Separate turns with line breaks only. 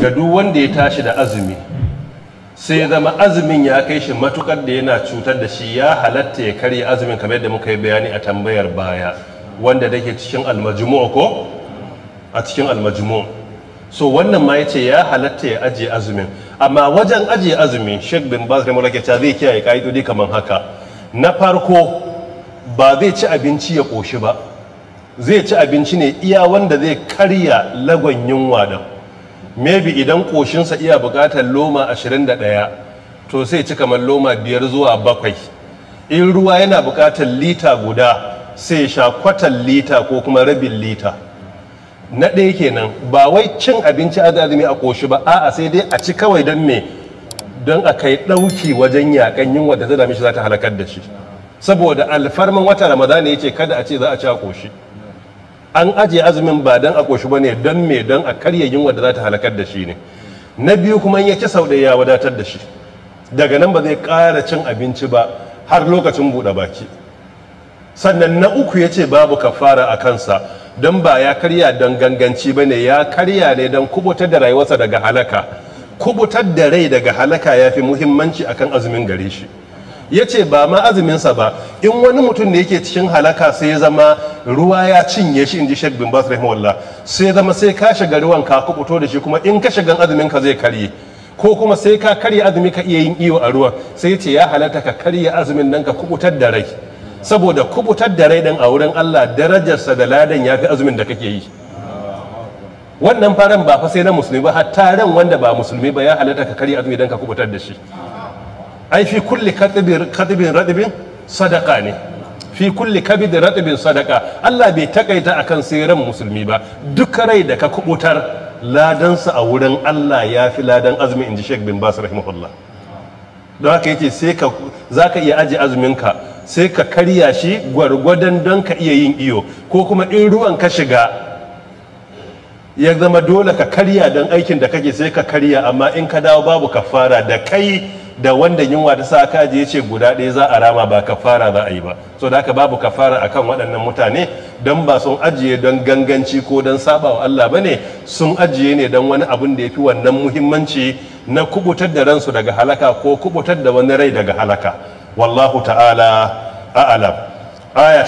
ga duk wanda ya tashi da azumi sai zama azumin ya kai shi matukar da yana cutar da shi ya halatta ya karya azumin kamar yadda muka yi bayani a tambayar baya wanda dake cikin almajmu ko a cikin almajmu so wannan ma yace ya halatta ya ajiye azumin amma wajen ajiye azumi Sheikh bin Baz rahimahullah ke ta zai kiyaye kaidodi kamar haka na farko ba zai ci abinci ya koshi ba zai ci abinci ne iya wanda zai karya lagon yunwa da maybe idan koshin sa iya buƙatar loma 21 to sai ci kamar loma biyar zuwa bakwai in ruwa yana buƙatar lita guda sai sha kwatan lita ko kuma rabin lita na ɗaya kenan ba wai cin abinci azumi a koshi ba a'a sai dai a ci kawai don me don a kai ɗauki wajen yaƙan yunwa da ta dame shi za ta halakar da shi saboda alfarman wata ramadana ya ce kada a ce za a ci a koshi. an ajiye azumin ba don a ƙoshi ba ne don me don a karya yunwa da za ta halakar da shi ne na biyu kuma ya ci sau da ya wadatar da shi daga nan ba zai ƙara cin abinci ba har lokacin buɗe baki sannan na uku ya ce babu kafara a kansa don ba ya karya don ganganci ba ne ya karya ne don kubutar da rayuwarsa daga halaka kubutar da rai daga halaka ya fi muhimmanci akan azumin gare shi ya ce ba ma azuminsa ba in wani mutum ne yake cikin halaka sai ya zama ruwa ya cinye shi in ji shek bin bas rahimahullah sai zama sai ka shiga ruwan ka kubuto da shi kuma in ka shiga azumin ka zai karye ko kuma sai ka karya azumi ka iya yin iyo a ruwa sai ya ce ya halatta ka karya azumin nan ka kubutar da rai saboda kubutar da rai dan a wurin Allah darajarsa da ladan ya fi azumin da kake yi wannan faran ba fa sai na musulmi ba hatta ran wanda ba musulmi ba ya halatta ka karya azumi dan ka kubutar da shi ai fi kulli kadibin radibin sadaka ne fi kulli kabidin radibin sadaka Allah bai takaita akan ran musulmi ba duk rai da ka kubutar ladansa a wurin Allah ya fi ladan azumi inji Sheikh bin Bas rahimahullah don haka yace sai ka zaka iya aje ka. sai ka karya shi gwargwadon don ka iya yin iyo ko kuma in ruwan ka shiga ya zama dole ka karya don aikin da kake sai ka karya amma in ka dawo babu kafara da kai da wanda yunwa ta sa aka je ce guda ɗaya za a rama ba kafara za a yi ba so da haka babu kafara akan waɗannan mutane don ba sun ajiye don ganganci ko don saba wa Allah ba ne sun ajiye ne don wani abin da ya fi wannan muhimmanci na kubutar da ransu daga halaka ko kubutar da wani rai daga halaka wallahu ta'ala a'lam